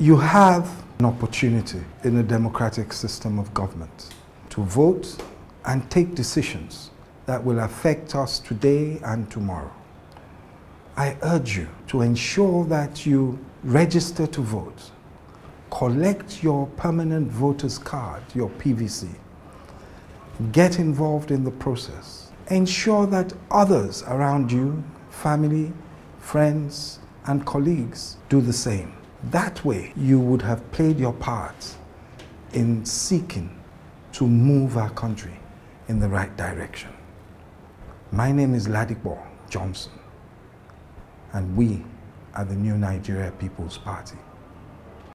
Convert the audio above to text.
You have an opportunity in a democratic system of government to vote and take decisions that will affect us today and tomorrow. I urge you to ensure that you register to vote, collect your permanent voter's card, your PVC, get involved in the process, ensure that others around you, family, friends, and colleagues do the same. That way, you would have played your part in seeking to move our country in the right direction. My name is Ladipo Johnson, and we are the New Nigeria People's Party.